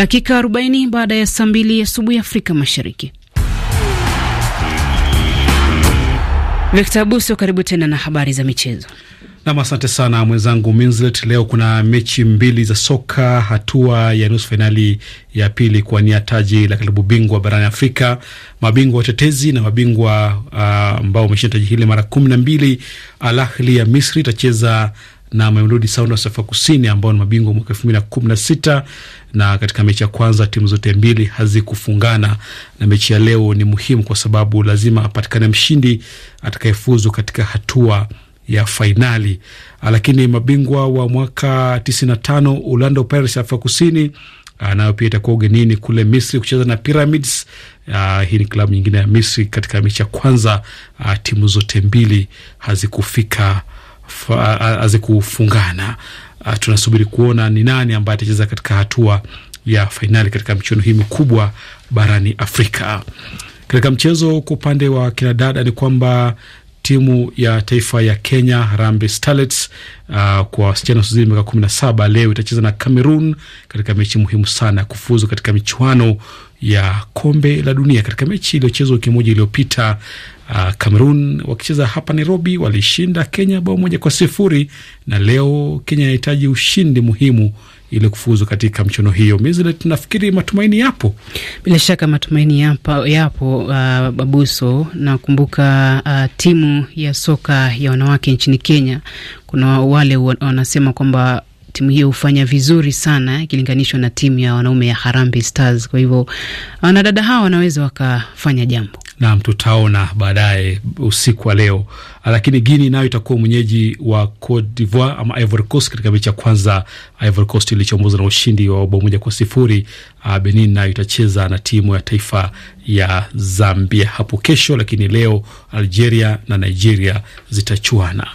dakika 40 baada ya saa mbili asubuhi Afrika Mashariki. Victor Abuso, karibu tena na habari za michezo. Nam, asante sana mwenzangu Minzlet. Leo kuna mechi mbili za soka hatua ya nusu fainali ya pili kuwania taji la klabu bingwa barani Afrika. Mabingwa watetezi na mabingwa ah, ambao uh, wameshinda taji hili mara kumi na mbili, Al ya Misri itacheza na Mamelodi Sundowns Afrika Kusini ambao ni mabingwa mwaka elfu mbili na kumi na sita na katika mechi ya kwanza timu zote mbili hazikufungana, na mechi ya leo ni muhimu kwa sababu lazima apatikane mshindi atakayefuzu katika hatua ya fainali. Lakini mabingwa wa mwaka tisini na tano Orlando Pirates Afrika Kusini ah, nayo pia itakuwa ugenini kule Misri kucheza na Pyramids. Uh, hii ni klabu nyingine ya Misri. Katika mechi ya kwanza uh, timu zote mbili hazikufika aze kufungana. Uh, tunasubiri kuona ni nani ambaye atacheza katika hatua ya fainali katika michuano hii mikubwa barani Afrika. Katika mchezo kwa upande wa kinadada ni kwamba timu ya taifa ya Kenya Harambee Starlets uh, kwa wasichana wasiozidi miaka kumi na saba leo itacheza na Cameroon katika mechi muhimu sana ya kufuzu katika michuano ya kombe la dunia. Katika mechi iliyochezwa wiki moja iliyopita, uh, Cameroon wakicheza hapa Nairobi walishinda Kenya bao moja kwa sifuri na leo Kenya inahitaji ushindi muhimu ili kufuzu katika mchuano hiyo. Mizilet, nafikiri matumaini yapo, bila shaka matumaini yapo, yapo uh, Babuso. Nakumbuka uh, timu ya soka ya wanawake nchini Kenya, kuna wale wanasema kwamba timu hiyo hufanya vizuri sana ikilinganishwa na timu ya wanaume ya Harambee Stars. Kwa hivyo wanadada hawa wanaweza wakafanya jambo nam tutaona baadaye usiku wa leo. Lakini Guini nayo itakuwa mwenyeji wa Cote d'Ivoire ama Ivory Coast katika mechi ya kwanza. Ivory Coast ilichomoza na ushindi wa bao moja kwa sifuri. Ah, Benin nayo itacheza na timu ya taifa ya Zambia hapo kesho, lakini leo Algeria na Nigeria zitachuana.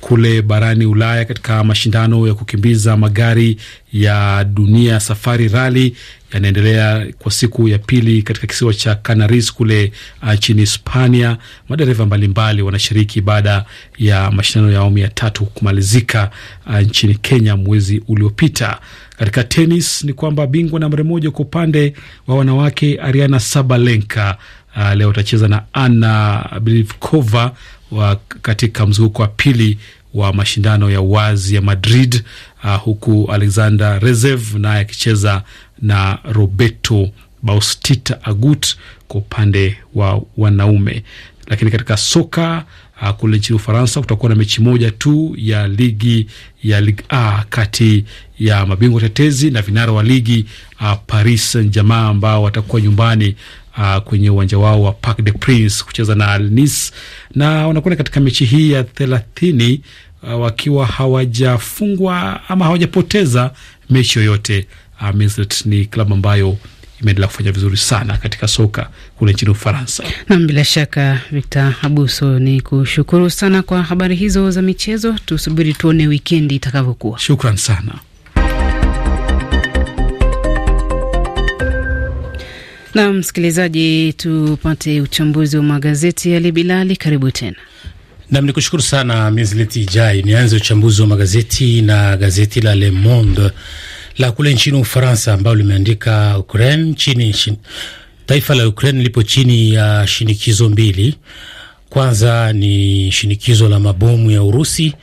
Kule barani Ulaya katika mashindano ya kukimbiza magari ya dunia Safari Rali yanaendelea kwa siku ya pili katika kisiwa cha Canaris kule uh, nchini Hispania. Madereva mbalimbali wanashiriki baada ya mashindano ya awamu ya tatu kumalizika uh, nchini Kenya mwezi uliopita. Katika tenis ni kwamba bingwa nambari moja kwa upande wa wanawake Ariana Sabalenka Uh, leo atacheza na Anna Blivkova wa katika mzunguko wa pili wa mashindano ya wazi ya Madrid, uh, huku Alexander Zverev naye akicheza na Roberto Bautista Agut kwa upande wa wanaume. Lakini katika soka uh, kule nchini Ufaransa kutakuwa na mechi moja tu ya ligi ya Ligue A kati ya mabingwa tetezi na vinara wa ligi uh, Paris Saint-Germain ambao watakuwa nyumbani Uh, kwenye uwanja wao wa Parc des Princes kucheza na Al Nice na wanakwenda katika mechi hii ya thelathini uh, wakiwa hawajafungwa ama hawajapoteza mechi yoyote uh, ni klabu ambayo imeendelea kufanya vizuri sana katika soka kule nchini Ufaransa. Nam, bila shaka Victor Abuso, ni kushukuru sana kwa habari hizo za michezo. Tusubiri tuone wikendi itakavyokuwa. Shukran sana. Na msikilizaji, tupate uchambuzi wa magazeti ya Ali Bilali. Karibu tena. Nam, ni kushukuru sana Mizleti Ijai. Nianze uchambuzi wa magazeti na gazeti la Le Monde la kule nchini Ufaransa ambao limeandika Ukraine chini, chini, taifa la Ukraine lipo chini ya shinikizo mbili. Kwanza ni shinikizo la mabomu ya Urusi,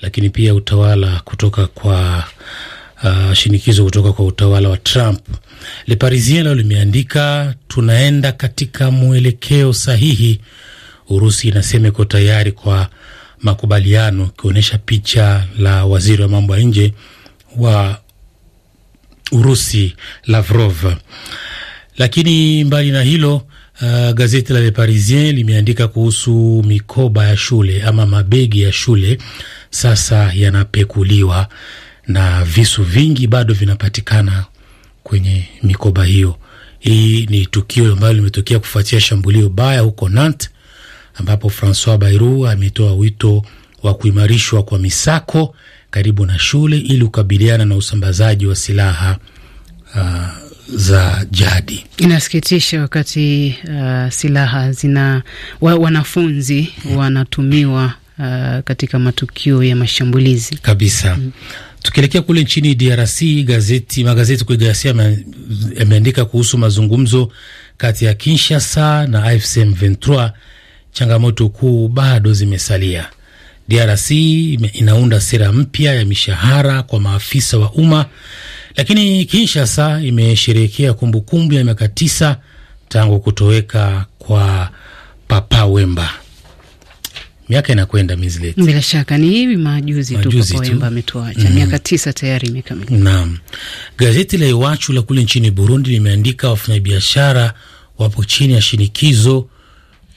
lakini pia utawala kutoka kwa uh, shinikizo kutoka kwa utawala wa Trump. Le Parisien lao limeandika tunaenda katika mwelekeo sahihi, Urusi inasema iko tayari kwa makubaliano, ikionyesha picha la waziri wa mambo ya nje wa Urusi Lavrov. Lakini mbali na hilo Uh, gazeti la Le Parisien limeandika kuhusu mikoba ya shule ama mabegi ya shule sasa yanapekuliwa na visu vingi bado vinapatikana kwenye mikoba hiyo. Hii ni tukio ambalo limetokea kufuatia shambulio baya huko Nantes, ambapo Francois Bayrou ametoa wito wa kuimarishwa kwa misako karibu na shule ili kukabiliana na usambazaji wa silaha uh, za jadi. Inasikitisha wakati uh, silaha zina wa, wanafunzi hmm, wanatumiwa uh, katika matukio ya mashambulizi kabisa hmm. Tukielekea kule nchini DRC, gazeti magazeti kule DRC yameandika kuhusu mazungumzo kati ya Kinshasa na AFC M23. Changamoto kuu bado zimesalia DRC inaunda sera mpya ya mishahara kwa maafisa wa umma, lakini Kinshasa imesherehekea kumbukumbu ya miaka tisa tangu kutoweka kwa Papa Wemba. Miaka inakwenda bila shaka ni hivi majuzi tu Papa Wemba ametuacha, mm-hmm. miaka tisa tayari imekamilika. Naam, gazeti la Iwachu la kule nchini Burundi limeandika wafanyabiashara wapo chini ya shinikizo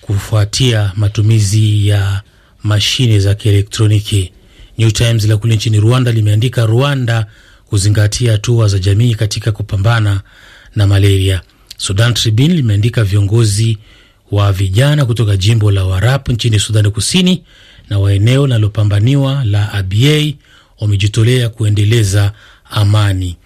kufuatia matumizi ya mashine za kielektroniki. New Times la kule nchini Rwanda limeandika Rwanda kuzingatia hatua za jamii katika kupambana na malaria. Sudan Tribune limeandika viongozi wa vijana kutoka jimbo la Warap nchini Sudani Kusini na wa eneo linalopambaniwa la Abyei wamejitolea kuendeleza amani.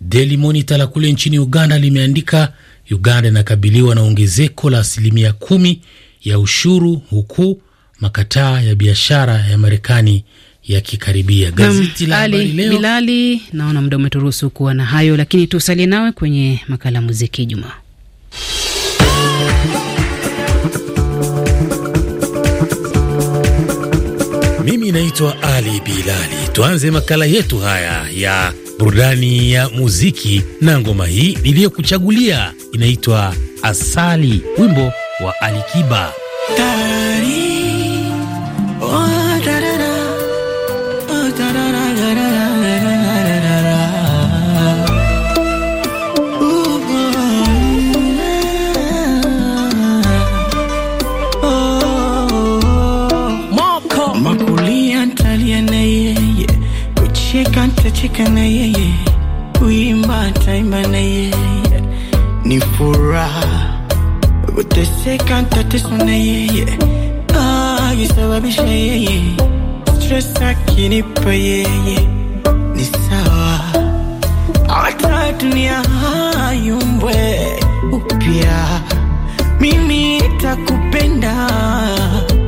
Daily Monitor la kule nchini Uganda limeandika Uganda inakabiliwa na ongezeko la asilimia kumi ya ushuru hukuu makataa ya biashara ya Marekani yakikaribia. Gazeti la Habari Leo. Bilali, naona muda umeturuhusu kuwa na hayo, lakini tusalie nawe kwenye makala muziki Jumaa. Mimi naitwa Ali Bilali. Tuanze makala yetu haya ya burudani ya muziki na ngoma hii niliyokuchagulia inaitwa Asali, wimbo wa Alikiba Ta Tutacheka na yeye, kuimba taimba na yeye, ni furaha. uteseka ntateswa na yeye, akisababisha ah, yeye, stress akinipa yeye, ni sawa. Hata dunia yumbe upya, mimi paka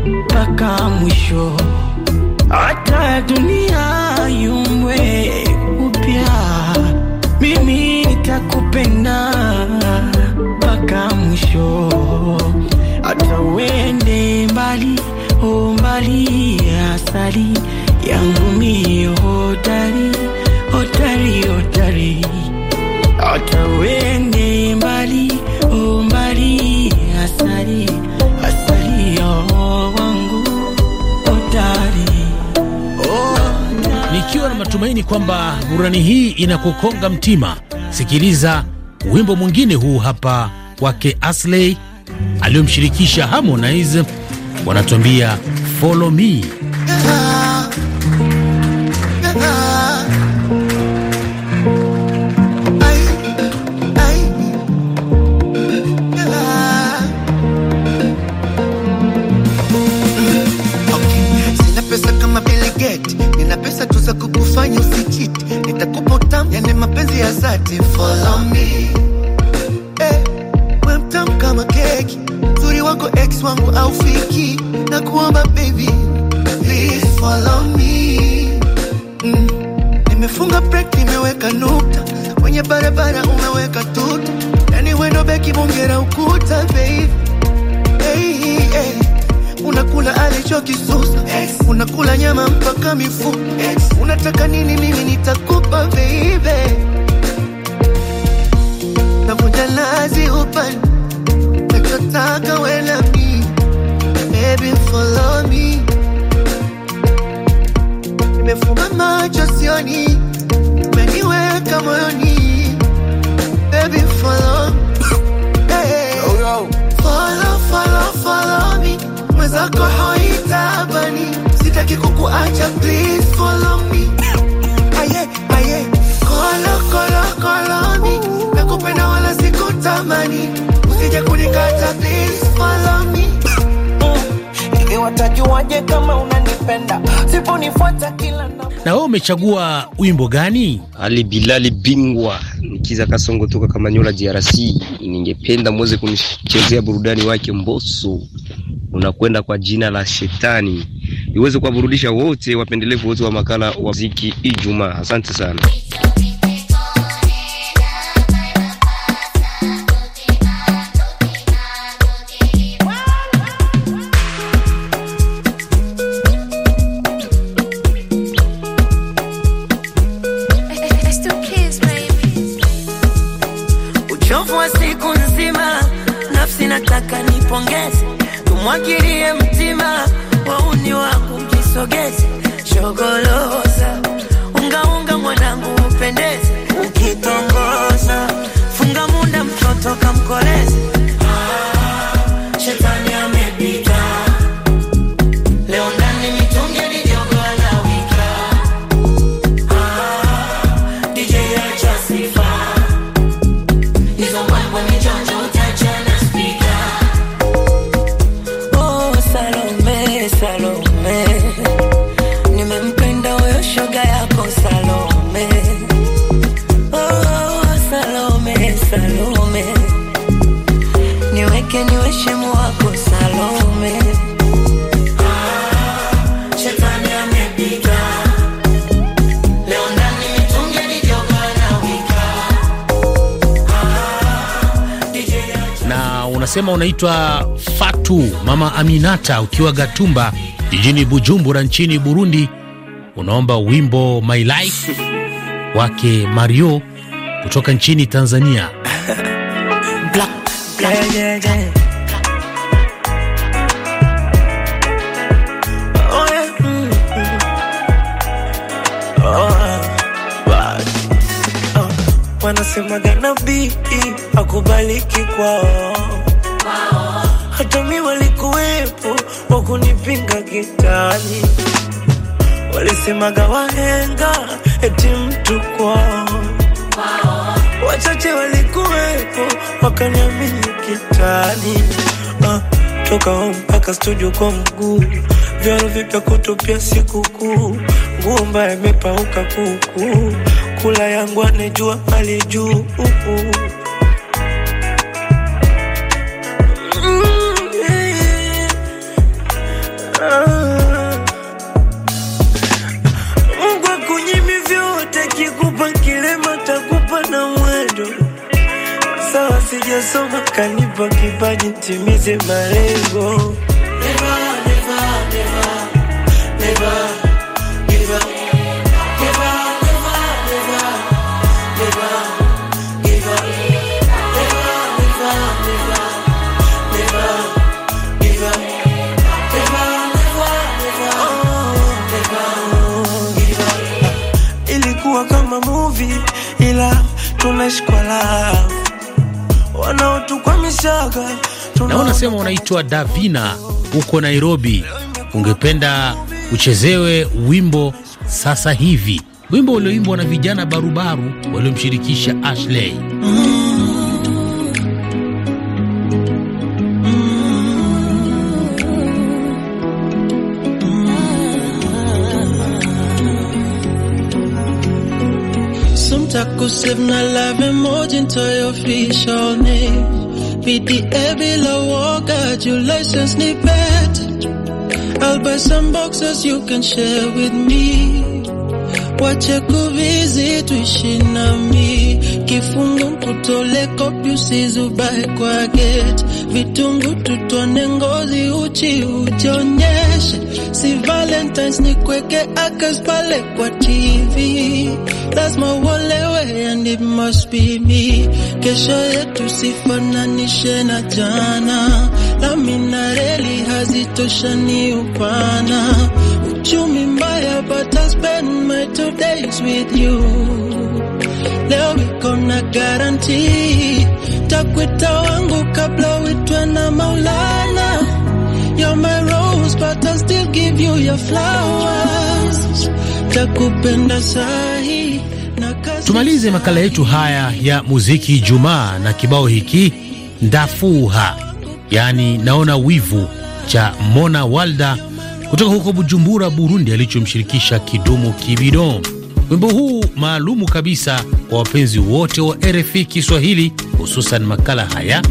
mpaka mwisho hata dunia yumwe upya, mimi nitakupenda kwamba burani hii inakukonga mtima, sikiliza wimbo mwingine huu hapa wake Asley aliyomshirikisha Harmonize, wanatuambia follow me. Ah. yani mapenzi ya zati follow me eh, we mtamu kama keki zuri wako ex wangu au fiki na kuomba baby please follow me mm. nimefunga break nimeweka nukta kwenye barabara umeweka tuta yani wendo beki bongera ukuta baby hey, hey unakula alichokisusa, unakula nyama mpaka mifupa. Unataka nini? Mimi nitakupa baby, navunja lazi upande, nachotaka wewe na baby, follow me. Nimefunga macho sioni, umeniweka moyoni baby, follow me. Hey, follow, follow, follow zako haitabani, sitaki kukuacha, please follow me. Aye, aye. Kolo, kolo, kolo koloni, nakupenda wala sikutamani, usije kunikata, please follow me. Hivi mm. watajuaje kama unanipenda? Siponifuata kila na na wewe umechagua wimbo gani? Ali Bilali bingwa Nikiza Kasongo toka Kamanyola DRC. Ningependa mweze kunichezea burudani wake Mboso unakwenda kwa jina la Shetani. Iweze kuwaburudisha wote wapendelevu wote wa makala wa muziki Ijumaa. Asante sana. unasema unaitwa Fatu Mama Aminata ukiwa Gatumba jijini Bujumbura nchini Burundi. Unaomba wimbo My Life wake Mario kutoka nchini Tanzania. black, black, yeah, yeah, yeah. akubaliki kwao kunipinga kitani, walisemaga wahenga eti mtu kwao, wachache walikuwepo wakaniamini kitani. Ah, toka home mpaka studio kwa mguu, vyaro vipya kutupia sikukuu, nguo mbaya imepauka kuku, kula yangu anejua alijuu Kasoma kanipa kipaji nitimize malengo. Ilikuwa kama movie ila tunaishi love na unasema unaitwa Davina huko Nairobi, ungependa uchezewe wimbo sasa hivi, wimbo ulioimbwa na vijana barubaru waliomshirikisha Ashley. Inclusive na official name. Be the PDA bila woga, your license ni I'll buy some boxes you can share with me. Wache visit wishi na mi me. kutole kopi bae kwa geti, vitungu tutone ngozi uchi ujionyeshe, si Valentines ni kweke akas pale kwa TV, lazima uolewe and it must be me. Kesho yetu sifananishe na jana, laminareli hazitoshani upana, uchumi mbaya but I spend my two days with you leo niko na garanti takwita wangu kabla witwe na Maulana. You're my rose but I still give you your flowers. Takupenda sahi na kasi. Tumalize makala yetu haya ya muziki Ijumaa na kibao hiki ndafuha, yaani naona wivu cha Mona Walda kutoka huko Bujumbura, Burundi, alichomshirikisha Kidumu Kibido wimbo huu maalumu kabisa kwa wapenzi wote wa RFI Kiswahili, hususan makala haya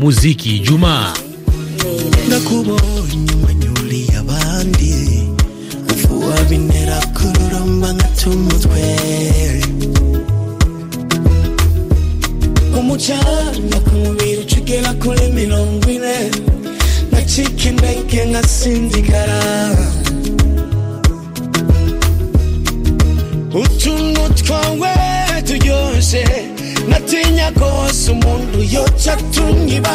muziki Ijumaa. umucana ku mubiri ucugera kuri mirongo ine n'utwawe tuyoje natinya rwose umuntu yoca tunyiba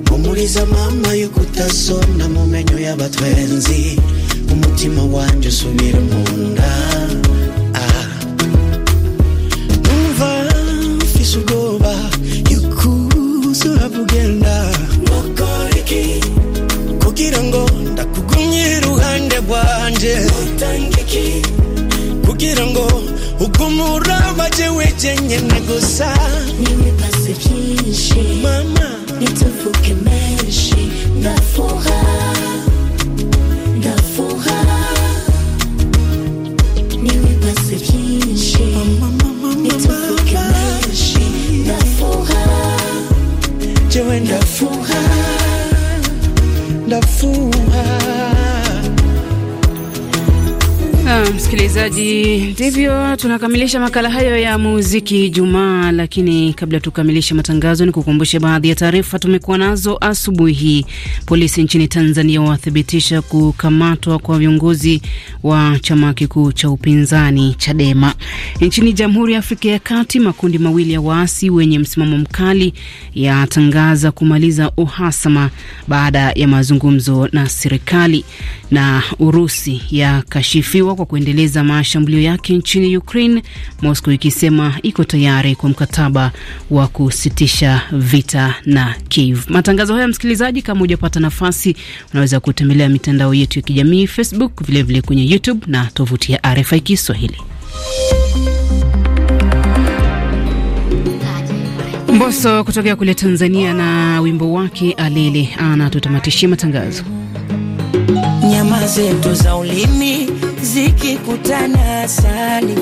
mpumuriza mama y'ukutasonda mu menyo y'abatwenzi umutima wanjye usubira mu nda kumura majewe jenye nagusa nipase kinshi mama nitufuke menshi ndafura ndafura nipase kinshi mama nitufuke menshi jewe Nam msikilizaji, ndivyo tunakamilisha makala hayo ya muziki Jumaa. Lakini kabla tukamilishe matangazo, ni kukumbushe baadhi ya taarifa tumekuwa nazo asubuhi hii. Polisi nchini Tanzania wathibitisha kukamatwa kwa viongozi wa chama kikuu cha upinzani Chadema. Nchini Jamhuri ya Afrika ya Kati, makundi mawili ya waasi wenye msimamo mkali yatangaza kumaliza uhasama baada ya mazungumzo na serikali. Na Urusi yakashifiwa kwa kuendeleza mashambulio yake nchini Ukraine, Moscow ikisema iko tayari kwa mkataba wa kusitisha vita na Kiev. Matangazo haya msikilizaji, kama hujapata nafasi, unaweza kutembelea mitandao yetu ya kijamii Facebook, vilevile vile kwenye YouTube na tovuti ya RFI Kiswahili. Mboso kutokea kule Tanzania na wimbo wake Alele anatutamatishia matangazo. Nyama zetu za ulimi zikikutana asali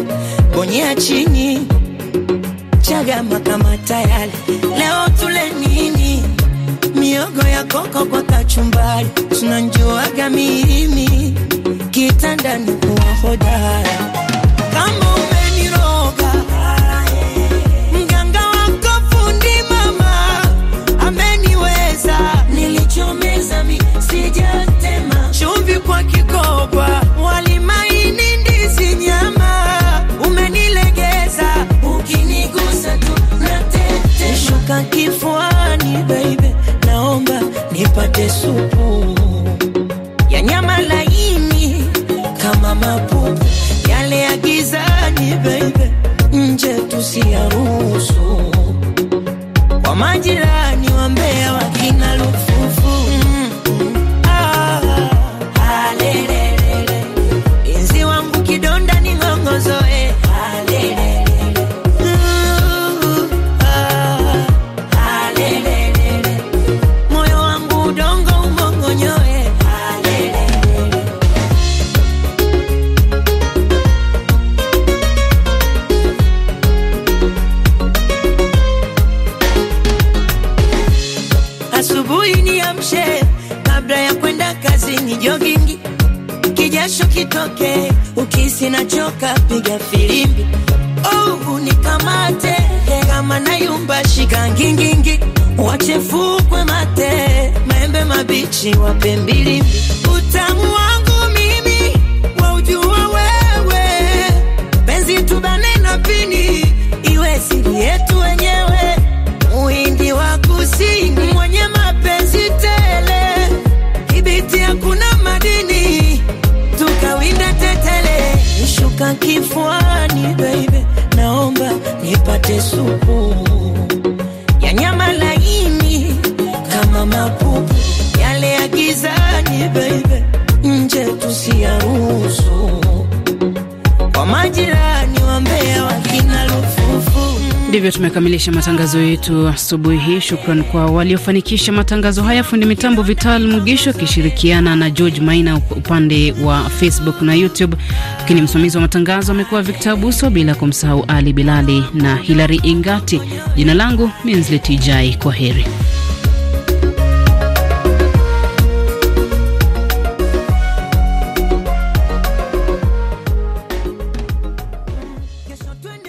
bonyea chini chaga makamata yale. Leo tule nini? Miogo ya koko kwa kachumbari, tunanjuaga mimi kitandani kuwa hodara shika ngingingi, wachefukwe mate, maembe mabichi wape mbili. Utamu wangu mimi ujua wewe, penzi tubane na pini, iwe siri yetu wenyewe, muhindi wa kusini mwenye mapenzi tele, kibiti hakuna madini, tukawinda tetele, nishuka kifuani baby, naomba nipate supu mapupu yale ya gizani baby, nje tusiyaruhusu. Kwa majirani wakina lufufu. Ndivyo tumekamilisha matangazo yetu asubuhi hii. Shukran kwa waliofanikisha matangazo haya, fundi mitambo Vital Mugisho akishirikiana na George Maina upande wa Facebook na YouTube, lakini msimamizi wa matangazo amekuwa Victor Abuso, bila kumsahau Ali Bilali na Hilary Ingati. Jina langu minsleti Jai, kwa heri.